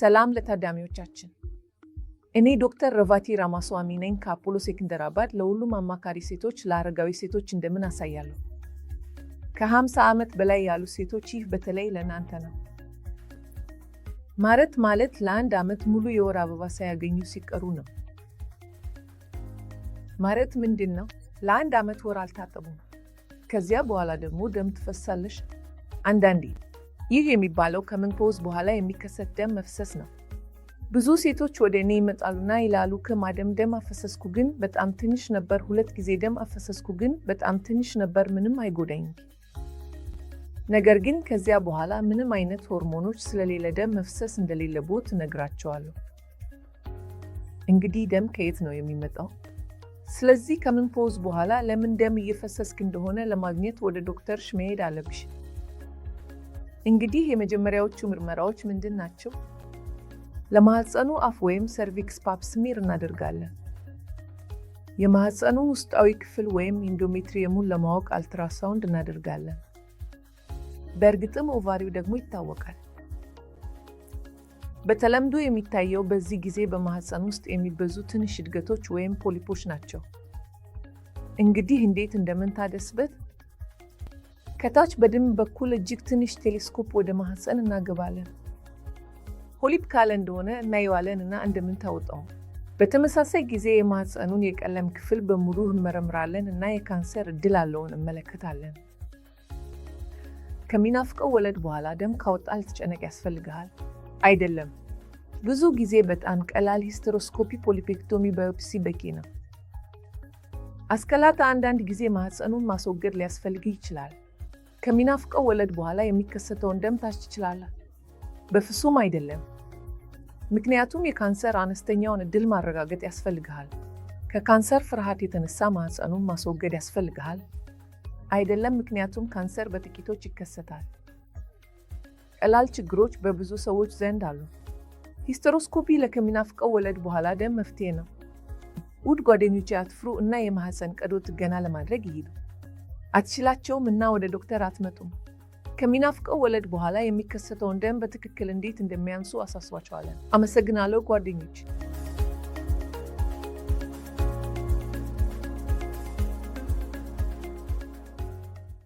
ሰላም ለታዳሚዎቻችን። እኔ ዶክተር ረቫቲ ራማስዋሚ ነኝ ከአፖሎ ሴክንደራባድ። ለሁሉም አማካሪ ሴቶች፣ ለአረጋዊ ሴቶች እንደምን አሳያለሁ። ከ50 ዓመት በላይ ያሉ ሴቶች፣ ይህ በተለይ ለእናንተ ነው። ማረት ማለት ለአንድ ዓመት ሙሉ የወር አበባ ሳያገኙ ሲቀሩ ነው። ማረት ምንድን ነው? ለአንድ ዓመት ወር አልታጠቡም። ከዚያ በኋላ ደግሞ ደም ትፈሳለሽ አንዳንዴ ይህ የሚባለው ከምንፖዝ በኋላ የሚከሰት ደም መፍሰስ ነው። ብዙ ሴቶች ወደ እኔ ይመጣሉና ይላሉ ከማደም ደም አፈሰስኩ ግን በጣም ትንሽ ነበር፣ ሁለት ጊዜ ደም አፈሰስኩ ግን በጣም ትንሽ ነበር፣ ምንም አይጎዳኝም። ነገር ግን ከዚያ በኋላ ምንም አይነት ሆርሞኖች ስለሌለ ደም መፍሰስ እንደሌለ ቦት እነግራቸዋለሁ። እንግዲህ ደም ከየት ነው የሚመጣው? ስለዚህ ከምንፖዝ በኋላ ለምን ደም እየፈሰስክ እንደሆነ ለማግኘት ወደ ዶክተርሽ መሄድ አለብሽ። እንግዲህ የመጀመሪያዎቹ ምርመራዎች ምንድን ናቸው? ለማህፀኑ አፍ ወይም ሰርቪክስ ፓፕ ስሚር እናደርጋለን። የማህፀኑ ውስጣዊ ክፍል ወይም ኢንዶሜትሪየሙን ለማወቅ አልትራሳውንድ እናደርጋለን። በእርግጥም ኦቫሪው ደግሞ ይታወቃል። በተለምዶ የሚታየው በዚህ ጊዜ በማህፀን ውስጥ የሚበዙ ትንሽ እድገቶች ወይም ፖሊፖች ናቸው። እንግዲህ እንዴት እንደምንታደስበት ከታች በደንብ በኩል እጅግ ትንሽ ቴሌስኮፕ ወደ ማህፀን እናገባለን። ፖሊፕ ካለ እንደሆነ እናየዋለን እና እንደምንታወጣው በተመሳሳይ ጊዜ የማህፀኑን የቀለም ክፍል በሙሉ እንመረምራለን እና የካንሰር እድል አለውን እመለከታለን። ከሚናፍቀው ወለድ በኋላ ደም ካወጣ ልትጨነቅ ያስፈልግሃል አይደለም። ብዙ ጊዜ በጣም ቀላል ሂስተሮስኮፒ ፖሊፔክቶሚ ባዮፕሲ በቂ ነው። አስከላታ አንዳንድ ጊዜ ማህፀኑን ማስወገድ ሊያስፈልግ ይችላል። ከሚናፍቀው ወለድ በኋላ የሚከሰተውን ደም ታች ትችላለህ? በፍጹም አይደለም። ምክንያቱም የካንሰር አነስተኛውን እድል ማረጋገጥ ያስፈልግሃል። ከካንሰር ፍርሃት የተነሳ ማህፀኑን ማስወገድ ያስፈልግሃል? አይደለም፣ ምክንያቱም ካንሰር በጥቂቶች ይከሰታል። ቀላል ችግሮች በብዙ ሰዎች ዘንድ አሉ። ሂስተሮስኮፒ ለከሚናፍቀው ወለድ በኋላ ደም መፍትሄ ነው። ውድ ጓደኞቼ አትፍሩ እና የማህፀን ቀዶ ጥገና ለማድረግ ይሂዱ። አትችላቸውም እና ወደ ዶክተር አትመጡም። ከሚናፍቀው ወለድ በኋላ የሚከሰተውን ደም በትክክል እንዴት እንደሚያንሱ አሳስባቸዋለን። አመሰግናለሁ ጓደኞች።